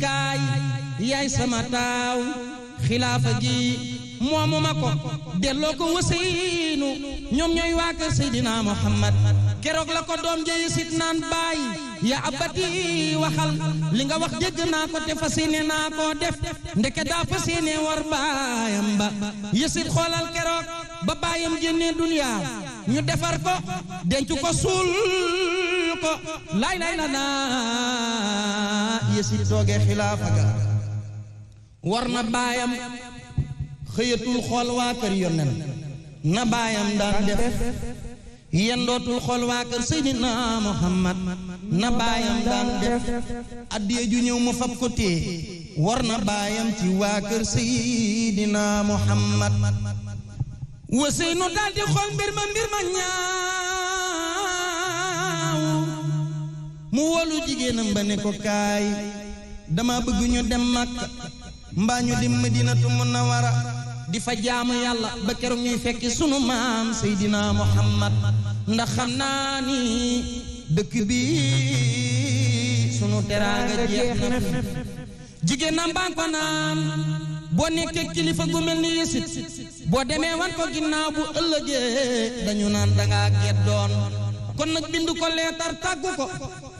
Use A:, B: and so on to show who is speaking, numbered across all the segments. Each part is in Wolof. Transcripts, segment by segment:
A: kaay yaay sama taaw xilaafa gi moomu ma ko delloo ko waseynu ñoom ñooy waa kër Seydina Muhammad keroog la ko doom jëye sit naan baay yaa abati waxal li nga wax dégg naa ko te fas yéene naa koo def ndeke daa fas yéene war baayam ba yësit xoolal keroog ba baayam génnee duniyaa ñu defar ko denc ko suul ko laay laay la naa yési toogee war na baayam xëyatul xool waa kër yonen na baayam daan def yendootul xool waa kër Seydina Muhammad na baayam daan def addiye ñëw ma fab ko téye war na baayam ci waa kër Seydina Muhammad wasey nu xool mbir ma mbir ma ñaa mu wolu jigéenam ba ne ko kaay dama bëgg ñu dem Makka mbaa ñu dem Madinatu Munawara di fa jaamu yàlla ba keroog ñuy fekki sunu maam Seydina Muhammad ndax xam naa ni dëkk bi sunu teraanga jeex na jigéenam baa ko naan boo nekkee kilifa gu mel ni yësit boo demee wan ko ginnaaw bu ëllëgee dañu naan dangaa gedd kon nag bind ko leetar tàggu ko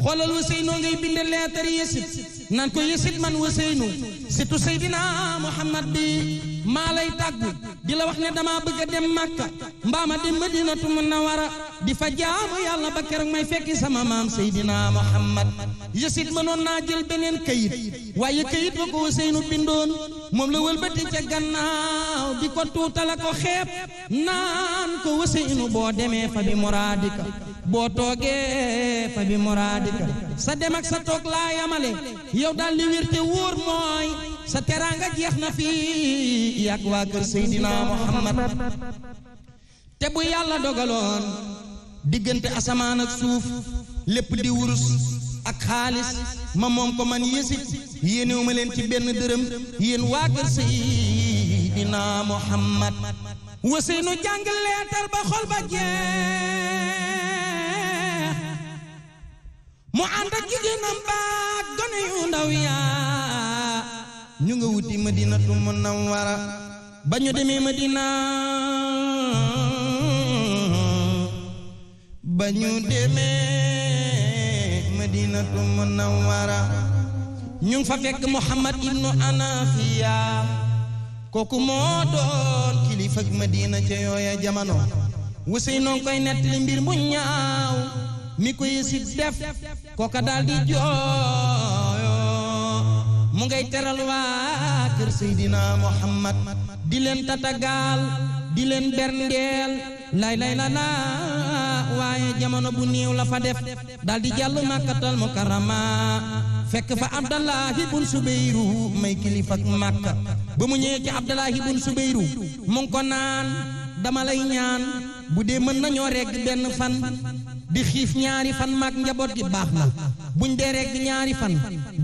A: xoolal waseynoo ngay binde leetar yesit naan ko yesit man waseynu surtout Seydina Muhammad bi maa lay tàggu di la wax ne dama bëgg a dem màkka mbaama dem na munawara di fa jaamu yàlla ba keroog may fekki sama maam seydina muhammad yësit mënoon naa jël beneen kayit waaye kayit ba ko Useynu bindoon moom la wëlbati ca gannaaw di ko tuutala ko xeeb naan ko Useynu boo demee fa bi muraadika boo toogee fa bi muraadika sa dem ak sa toog laa yamale yow daal li wér te wóor mooy sa teraanga jeex na fii yàgg waa kër Seydina Muhammad te bu yàlla dogaloon diggante asamaan ak suuf lépp di wurus ak xaalis ma moom ko man yésit yéenewu ma leen ci benn dërëm yéen waa kër Seydina Muhammad waseenu jàng leetar ba xol ba jeex mu ànd ak jigéenam baag ndaw yaa ñu nga wuti madinatu munawwara ba ñu demee madina ba ñu demee madinatu munawwara ñu ngi fa fekk muhammad ibnu anafiya kooku moo doon kilifa ak madina ca yooya jamono wusey noon koy nettali mbir mu ñaaw mi ko yësit def kooka daal di mu ngay teral waa kër Seydina Muhammad di leen tatagaal di leen berndeel lay lay la laa waaye jamono bu néew la fa def dal di jàll màkkatal mukarrama fekk fa Abdallah ibn Subayru may kilifa kilifak Màkka ba mu ñëwee ci Abdallah ibn Subayru mu ngi ko naan dama lay ñaan bu dee mën nañoo regg benn fan di xiif ñaari fan maak njaboot gi baax na buñ dee rekk ñaari fan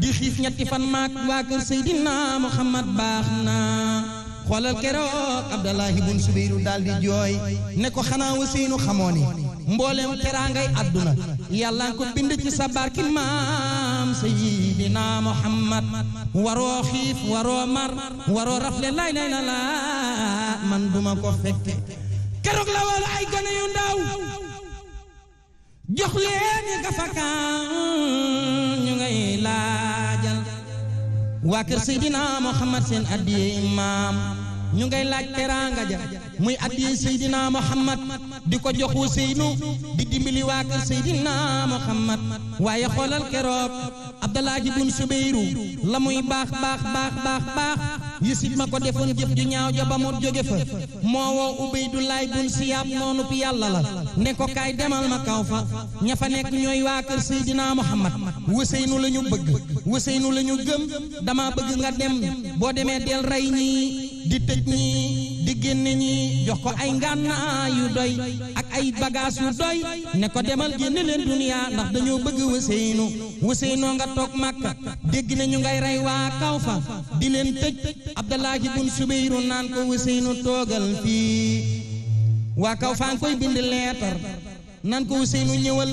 A: di xiif ñetti fan maak waa kër Seydina Muhammad baax na xoolal keroog Abdallahi bun Subayru daal di jooy ne ko xanaa waseenu xamoo ni mboolem teraangay àdduna yàlla ko bind ci sa barki maam Seydina Muhammad waroo xiif waroo mar waroo rafle lay lay la man duma ko fekke keroog la wala ay gone yu ndaw jox leen ñi nga fakaan ñu ngay laajal waa kër Seydina Muhammad seen addiye imaam ñu ngay laaj teraanga ja muy addiye Seydina Muhammad di ko jox Ousseynou di dimbali waa kër Seydina Muhammad waaye xoolal keroog Abdalaaji bun Subeyru la muy baax baax baax baax baax Yusuf ma ko defoon jëf ju ñaaw ja ba mu jóge fa moo woo Ubeydulaay bun Siyaab noonu bi yàlla la ne ko kaay demal ma kaw fa ña fa nekk ñooy waa kër Seydina Muhammad Wuseynu la ñu bëgg Wuseynu la ñu gëm dama bëgg nga dem boo demee del rey ñii di tëj nii di génne ñi jox ko ay ngànnaa yu doy ak ay bagaas yu doy ne ko demal génne leen duniyaa ndax dañoo bëgg wëseynu wëseynoo nga toog màkka dégg na ñu ngay rey waa kaw fa di leen tëj abdallaahi bun subayru naan ko wëseynu toogal fii waa kaw faa ngi koy bind leetar nan ko Ousseynou ñëwal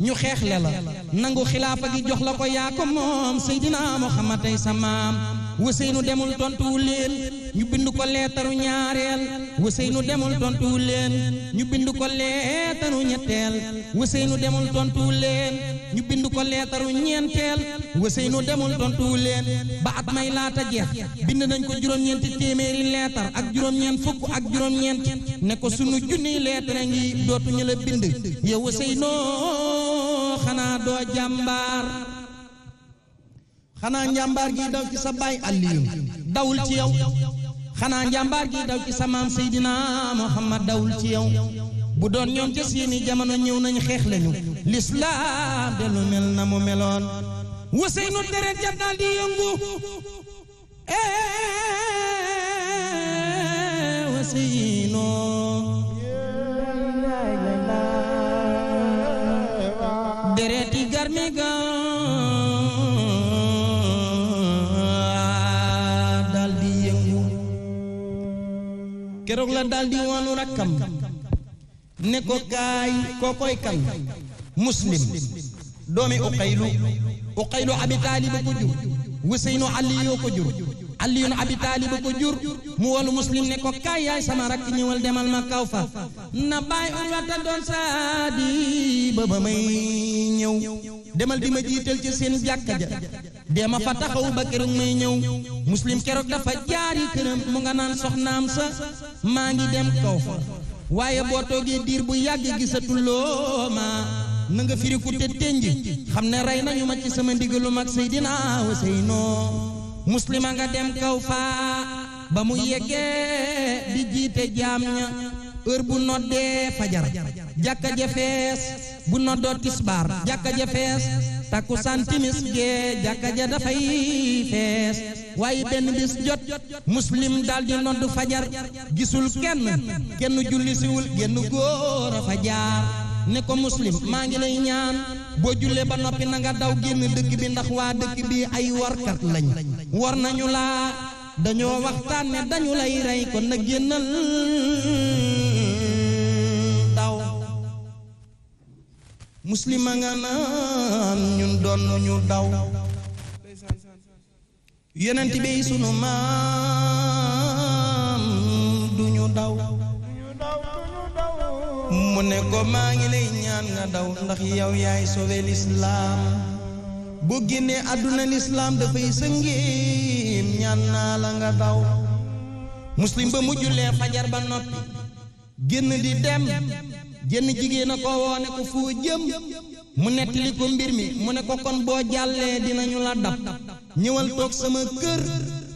A: ñu xeexle la nangu xilaafa gi jox la ko yaa ko moom Seydina Muhammad ay sa maam Ousseynou demul tontuwu leen ñu bind ko leetaru ñaareel nu demul tontu leen ñu bind ko leetaru ñetteel Ousseynou demul tontu leen ñu bind ko leetaru ñeenteel Ousseynou demul tontuwu leen ba at may laata jeex bind nañ ko juróom-ñeenti téeméeri leetar ak juróom-ñeent fukk ak juróom-ñeent ne ko sunu junniy leetara ngi dootuñu la bind yow Ousseynou xanaa doo jàmbaar xanaa njàmbaar gi daw ci sa baay Alioune dawul ci yow xanaa njàmbaar gi daw ci samaam Seydina Muhammad dawul ci yow bu doon ñoom ca seeni jamono ñëw nañ xeex lañu lislaam de lu mel na mu meloon Wuseynu deret ja daal di yëngu ee Wuseynu dereti garmi ga keroog la daldi wanu rakkam ne ko kaay koo koy kan muslim doomi uqaylu uqaylu abi taalib ko jur wuseynu aliyoo ko jur aliyun abi taalib ko jur mu wolu muslim ne ko kaay yaay sama rakk ñëwal demal ma kaw fa na baay urwata doon saadi ba ba may ñëw demal di ma jiital ci seen jàkka ja deema fa taxaw ba keroog may ñëw muslim keroog dafa jaari këram mu nga naan soxnaam sa maa ngi dem kaw fa waaye boo toogee diir bu yàgg gisatuloo ma na nga firiku te tënj xam ne rey nañu ma ci sama ndigalu mag Seydina Useynoo muslima nga dem kaw fa ba mu yeggee di jiite jaam ña heure bu noddee fajar jàkka ja fees bu noddoo tisbaar jàkka ja fees takkusaan timis gee jàkka ja dafay fees waaye benn bis jot muslim daal di nodd fajar gisul kenn kenn jullisiwul genn góor a fa jaar ne ko muslim maa ngi lay ñaan boo jullee ba noppi na nga daw génn dëkk bi ndax waa dëkk bi ay warkat lañ war nañu laa dañoo waxtaan ne dañu lay rey kon na génnal muslima nga naan ñun doon ñu daw yonent bi sunu maam ñu daw mu ne maa ngi lay ñaan nga daw ndax yow yaay sauvé lislaam boo génnee àdduna lislaam dafay sëngéem ñaan naa la nga daw muslim ba mu jullee fajar ba noppi génn di dem jenn jigéen a ko woone ko foo jëm mu nettali ko mbir mi mu ne ko kon boo jàllee dinañu la dab ñëwal toog sama kër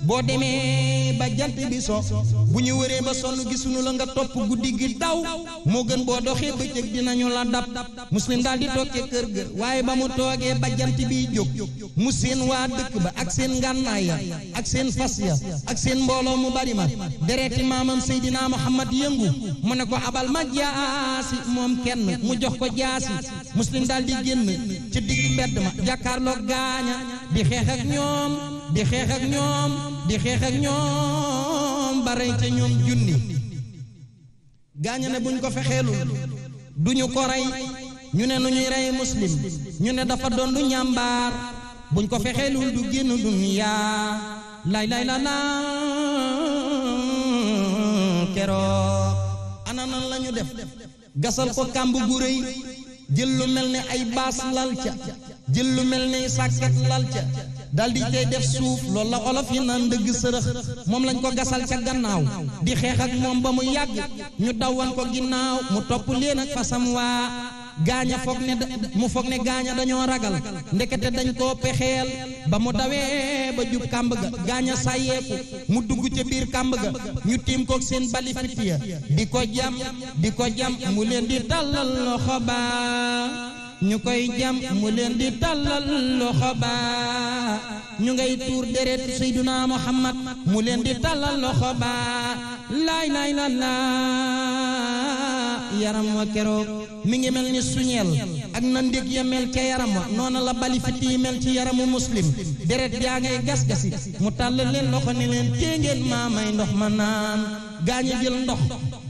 A: boo demee ba jant bi so bu ñu wëree ba sonn gisuñu la nga topp guddi gi daw moo gën boo doxee bëccëg dinañu la dab muslim daal di toog ca kër ga waaye ba mu toogee ba jant bi jóg mu seen waa dëkk ba ak seen ngànnaay ya ak seen fas ya ak seen mbooloo mu bari ma dereti maamam Seydina Muhammad yëngu mu ne ko abal ma jaasi moom kenn mu jox ko jaasi muslim daal di génn ca digg mbedd ma jàkkaarloog gaaña di xeex ak ñoom di xeex ak ñoom di xeex ak ñoom ba rey ca ñoom junni gaañu ne buñ ko fexeelul duñu ko rey ñu ne nu ñuy rey muslim ñu ne dafa doon du ñàmbaar buñ ko fexeelul du génn dunyaa lay lay la la keroog ana nan la ñu def gasal ko kàmb gu rëy jël lu mel ne ay baas lal ca jël lu mel ne sàkkat lal ca dal di cay def suuf loolu la olof yi naan ndëgg sërëx moom lañ ko gasal ca gannaaw di xeex ak moom ba mu yàgg ñu dawwan ko ginnaaw mu topp leen ak fasam waa gaaña foog ne mu foog ne gaaña dañoo ragal ndekete dañu koo pexeel ba mu dawee ba jub kàmb ga gaaña sàyyeeku mu dugg ca biir kàmb ga ñu tiim kook seen bali fit ya di ko jam di ko jam mu leen di tàllal loxo ba ñu koy jam mu leen di tallal loxo ba ñu ngay tuur deret sayduna muhammad mu leen di tallal loxo ba laay laay la laa yaram wa keroog mi ngi mel ni suñeel ak na ndég ya mel ca yaram wa noona la bali fit mel ci yaramu muslim deret yaa ngay gas-gasi mu tàllal leen loxo ne leen tée ngeen ndox ma naan gaañu jël ndox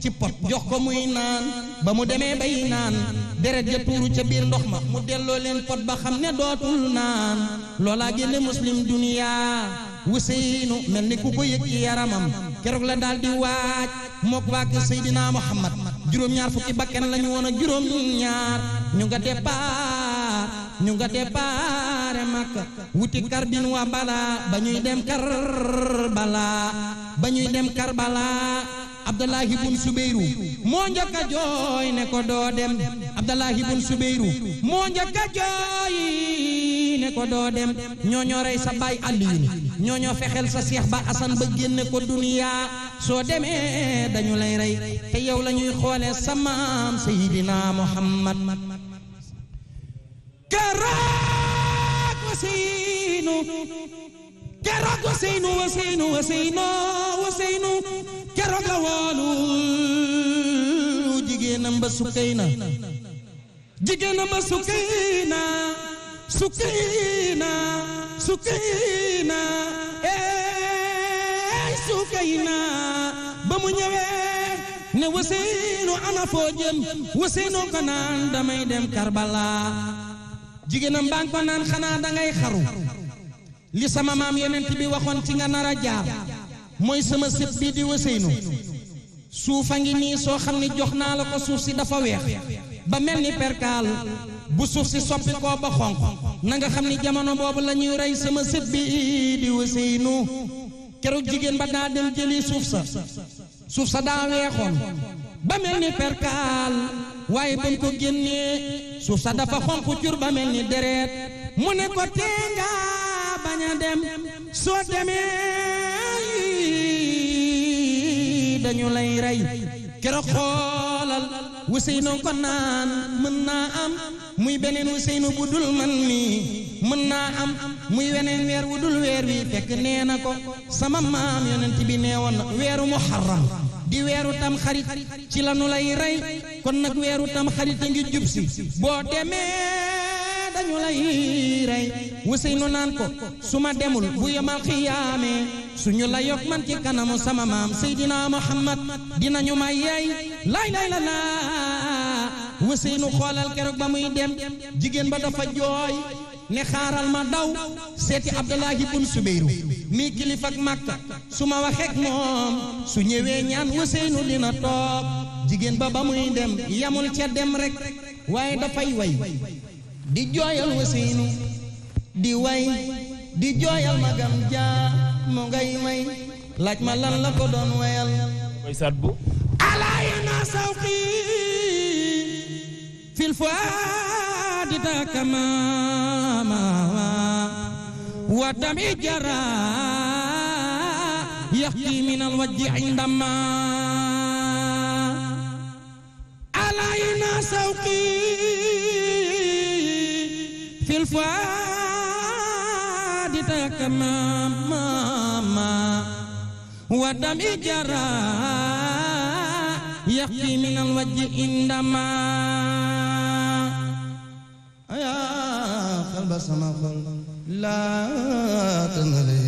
A: ci pot jox ko muy naan ba mu demee bay naan deret ja tuuru ca biir ndox ma mu delloo leen pot ba xam ne dootul naan loolaa génne muslim duniyaa wuseynu mel ni ku ko yëg ci yaramam keroog la daal di waaj mook waa kër Seydina Muhammad juróom-ñaar fukki bakkan la ñu woon ak juróom-ñaar ñu nga départ ñu nga départ Makka wuti karbin wa bala ba ñuy dem karbala ba ñuy dem Karbala Abdallah ibn Subayru moo njëkk a jooy ne ko doo dem Abdallah ibn Subayru moo njëkk a jooy ne ko doo dem ñoo rey sa baay ñoo ñoo fexeel sa seex ba Asan ba génne ko duniya soo demee dañu lay rey te yow la ñuy xoolee sa maam Seydina Muhammad karaak wasiinu keroog waseynu waseynu waseynu keroog la jigéenam ba sukkayna jigéenam ba sukkayna sukkayna ba mu ñëwee ne waseynu ana foo waseynu ko naan damay dem Karbala jigéenam baa ko naan xanaa dangay xaru li sama maam yonent bi waxoon ci nga nar a jaar mooy sama sët bii di Ousseynou suuf a ngi nii soo xam ne jox naa la ko suuf si dafa weex ba mel ni perkaal bu suuf si soppi koo ba xonq na nga xam ne jamono boobu la ñuy rey sama sët bi di Ousseynou keroog jigéen ba daa dem jëli suuf sa suuf sa daa weexoon ba mel ni perkaal waaye bañ ko génnee suuf sa dafa xonq cur ba mel ni deret mu ne ko teengaa bañ a dem soo demee dañu lay rey keroog xoolal Ousseynou ko naan mën naa am muy beneen Ousseynou bu dul man nii mën naa am muy weneen weer wu dul weer wi fekk nee na ko sama maam yonent bi nee na weeru muharram di weeru tam xarit ci lanu lay rey kon nag weeru tam xarit a ngi jub boo demee dañu lay naan ko su ma demul bu yemal xiyaame suñu la yokk man ci kanamu sama maam Seydina Muhammad dinañu ma yeey lay lay la naa Wuseynu xoolal keroog ba muy dem jigéen ba dafa jooy ne xaaral ma daw seeti Abdullahi bun Subeyru mii kilifa ak Makka su ma waxeek moom su ñëwee ñaan Wuseynu dina toog jigéen ba ba muy dem yamul ca dem rek waaye dafay way di jooyal wasiinu di way di jooyal magam jaa mu ngay may laaj ma lan la ko doon wayal alaa yanaa sawqi fil fuaadi takamaama wa dami jaraa min al wajji indama alaa فؤادك ماما ودم جرى يقي من الوجه عندما يا قلب سما قلب لا تنري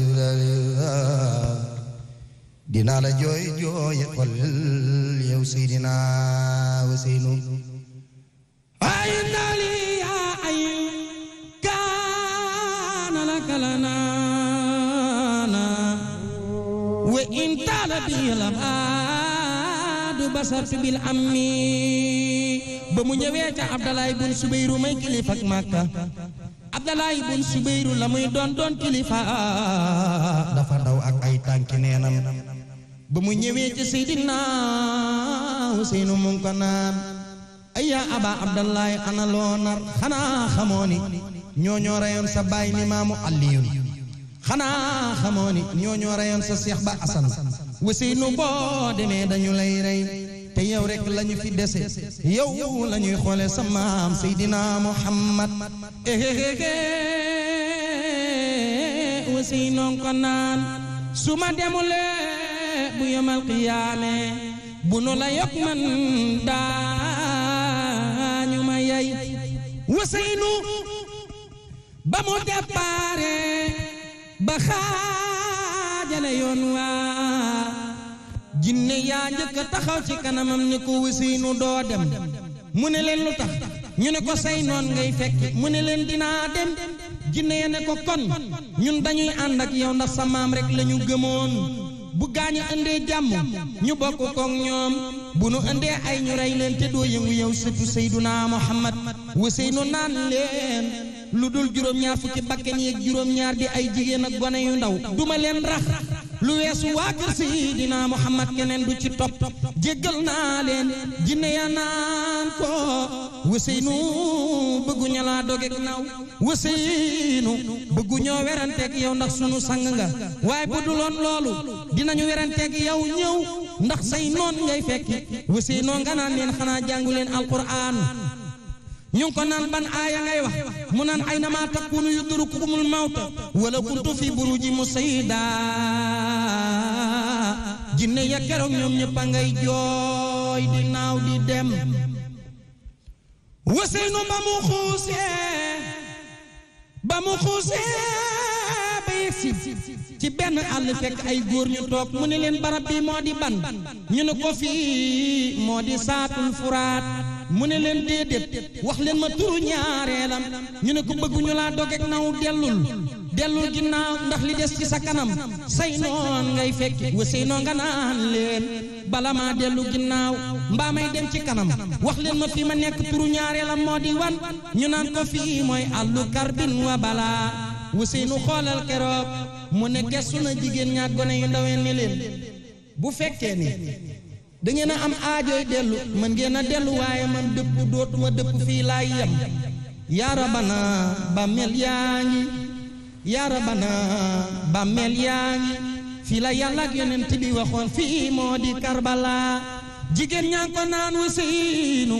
A: dinaa la jooy jooy xol yow Seydina Ousseynou ay ndali إن طال به الأبعاد بصرت بالأم ba mu ñëwee ca Abdalaay bun Subayru may kilifa ak Màkka Abdalaay bun la muy doon doon kilifa dafa ndaw ak ay tànki neenam ba mu ñëwee ca Seydina Useynu mu ngi ko naan aba Abdalaay ana loo nar xanaa xamoo sa baay ni maamu Aliyun xanaa xamoo ni ñoo ñoo reyoon sa seex ba asan wasiy nu boo demee dañu lay rey te yow rek lañu fi dese yow la ñuy xoole sa maam seydina muhammad ehehe eh, eh. wasiy noon ko naan su ma demule bu yomal qiyaame bu nu la yokk man daañu ma yey wasiy nu ba mu deppaare ba xaajale yoon waa jinne yaa njëkk a taxaw ci kanamam ni ko wisiinu doo dem mu ne leen lu tax ñu ne ko say noon ngay fekki mu ne leen dinaa dem jinne ya ne ko kon ñun dañuy ànd ak yow ndax sa maam rek la ñu bu gaañu indee jàmm ñu bokk koog ñoom bu nu indee ay ñu rey leen te doo yëngu yow surtout Seydunaa Muhammad wisiinu naan leen lu dul juróom-ñaar fukki bakkan yi ak juróom-ñaar di ay jigéen ak gone yu ndaw duma leen rax lu weesu waa kër Seydina Muhammad keneen du ci topp jéggal naa leen jinne yaa naan ko wëseynu bëgguñu laa dogeeg naaw wëseynu bëgguñoo weranteeg yow ndax sunu sang nga waaye bu duloon loolu dinañu weranteeg yow ñëw ndax say noon ngay fekki wëseynoo nga naan leen xanaa jàngu leen alquraan ñu ko naan ban aaya ngay wax mu naan ay na maa takkuunu yudrikumul mawta wala kuntu fi buruji musayida jinne ya keroog ñoom ñëpp a ngay jooy di naaw di dem waseynu ba mu xuusee ba mu xuusee ci benn àll fekk ay góor ñu toog mu ne leen barab bi moo di ban ñu ne ko fii moo di saatul furaat mu ne leen déedéet wax leen ma turu ñaareelam ñu ne ko bëgguñu laa dogeeg naw dellul dellul ginnaaw ndax li des ci sa kanam say noon ngay fekki wa say noo nga naan leen bala maa dellu ginnaaw mbaa may dem ci kanam wax leen ma fi ma nekk turu ñaareelam moo di wan ñu naan ko fii mooy àllu karbin wa balaa wa say nu xoolal keroog mu ne gesu na jigéen ñaar gone yu ndawe ni leen bu fekkee ni dangeen a am aajooy dellu mën ngeen a dellu waaye man dëpp dootuma dëpp fii laay yem yaa rabana bàmmeel yaa yaa bàmmeel yaa ngi fii la yàlla ak yonent bi waxoon fii moo di Karbala jigéen ñaa ngi ko naan wasiinu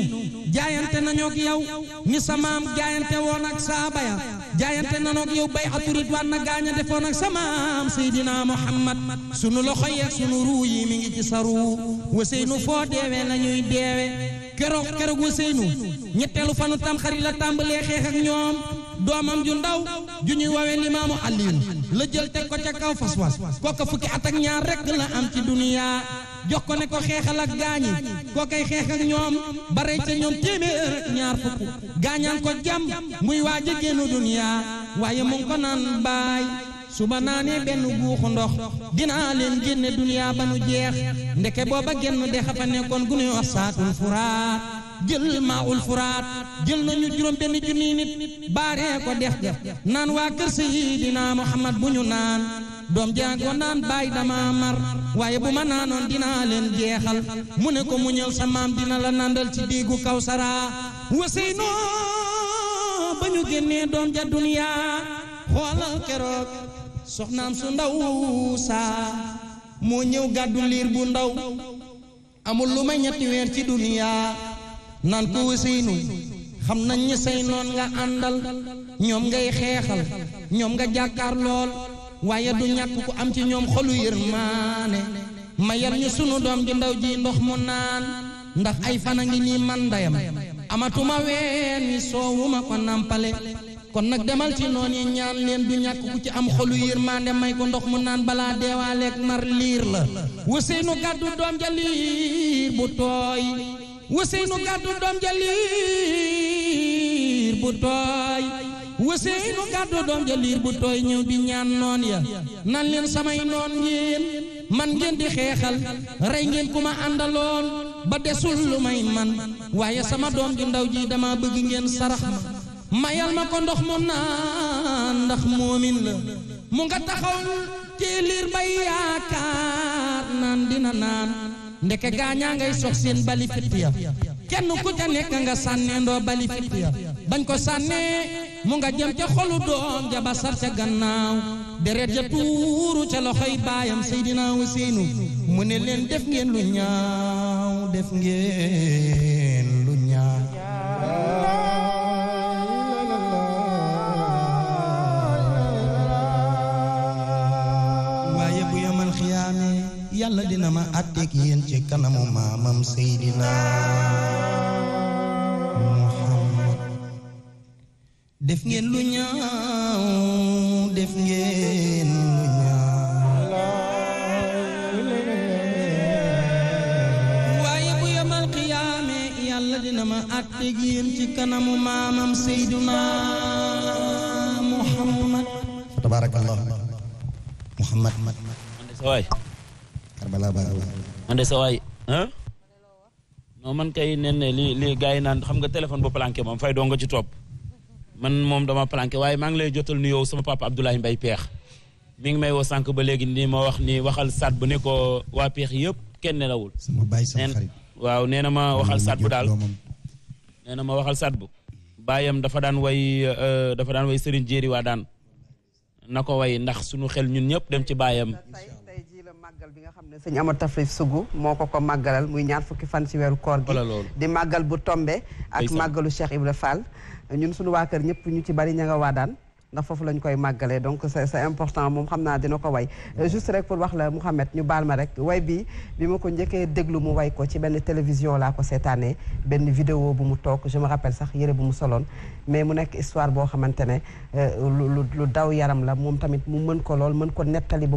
A: jaayante nañu ak yow ni samaam jaayante woon ak saaba ya jaayante nanoog yow bay aturit waan na gaaña defoon ak samaam seydina muhammad sunu loxo yeeg sunu ruu yi mi ngi ci sa ruu waseenu foo deewee nañuy deewe keroog keroog waseenu ñetteelu fanu tamxarit la tàmbalee xeex ak ñoom doomam ju ndaw ju ñuy woowee limaamu Aliyu la jël teg ko ca kaw fas was kooka fukki at ak ñaar rekk la am ci duniyaa jox ko ne ko xeexal ak gaañi koo koy xeex ak ñoom ba rey ca ñoom téeméer ak ñaar fukk gaañaan ko jam muy waaj a génn duniyaa waaye mu ngi ko naan baay suba naanee benn guuxu ndox dinaa leen génne duniyaa ba nu jeex ndeke booba genn dexa fa nekkoon gu nuy wax saatul furaat jël maa ul furaat jël nañu juróom benn junniy nit baaree ko dex ja naan waa kër sayidina Muhammad bu ñu naan doom jaago naan baay dama mar waaye bu ma naanoon dinaa leen jeexal mu ne ko mu ñëw sa maam dina la nandal ci diigu kawsara wasey noo ba ñu génnee doom ja duniyaa xoolal keroog soxnaam su ndaw saa moo ñëw gàddu liir bu ndaw amul lu may ñetti weer ci duniyaa naan ko wasey xam nañ ñi noon nga àndal ñoom ngay xeexal ñoom nga jàkkaar lool waaye du ñàkk ku am ci ñoom xolu yërmaane mayal ñu sunu doom ju ndaw ji ndox mu naan ndax ay fan a ngi nii man ndayam amatuma ween mi soowuma ko nàmpale kon nag demal ci noon yi ñaan leen du ñàkk ku ci am xolu yërmaande may ko ndox mu naan balaa deewaaleeg mar liir la wuseynu gàddu doom ja liir bu tooy wuseynu gàddu doom ja liir bu tooy waseenu gàddu doom ja liir bu tooy ñëw di ñaan noon ya nan leen samay noon ngeen man ngeen di xeexal rey ngeen ku ma àndaloon ba desul lu may man waaye sama doom ji ndaw ji dama bëgg ngeen sarax ma mayal ma ko ndox mu naan ndax moomin la mu nga taxaw ci liir bay yaakaar naan dina naan ndeke gaañaa ngay sox seen bali ya kenn ku ca nekk nga sànneendoo bali ya bañ ko sànnee mu nga jëm ca xolu doom ja ba ca gannaaw deret ja tuuru ca loxoy baayam Seydina Useynu mu ne leen def ngeen lu ñaaw def ngeen lu ñaaw yàlla dina ma àtteeg yéen ci kanamu maamam Seydina def ngeen lu ñaaw def ngeen lu waaye bu yomal xiyaame yàlla dina ma àtte ak yéen ci kanamu maamam Seyduna Muhammad tabarakallah Muhammad sawaay karbala baa man de sawaay non kay nen li li yi naan xam nga téléphone bu planqué moom fay doo nga ci topp man moom dama planqué waaye maa ngi lay jotal nuyoo sama papa Abdoulaye Mbaye Peex mi ngi may wo sànq ba léegi nii ma wax ni waxal saat bu ne ko waa Peex yëpp kenn nelawul. sama baay sama xarit waaw nee na ma waxal saat bu daal nee na ma waxal saat bu. baayam dafa daan way euh, dafa daan way Serigne Jéeri waa daan na ko way ndax sunu xel ñun ñëpp dem ci baayam. màggal bi nga xam ne sëñ Amar Tafrif Sugu moo ko ko màggalal muy ñaar fukki fan ci weeru koor gi. Oh di màggal bu tombe ak màggalu Cheikh Ibra Fall. ñun suñu waa kër ñëpp ñu ci bari ña nga daan ndax foofu lañ koy màggalee donc c'est important moom xam naa dina ko way euh, juste rek pour wax la Mouhamed ñu baal ma rek way bi bi ma ko njëkkee déglu mu way ko ci benn télévision laa ko seetaanee benn vidéo bu mu toog je me rappelle sax yëre bu mu soloon mais mu nekk histoire boo xamante ne euh, lu lu daw yaram la moom tamit mu mën ko lool mën ko nettali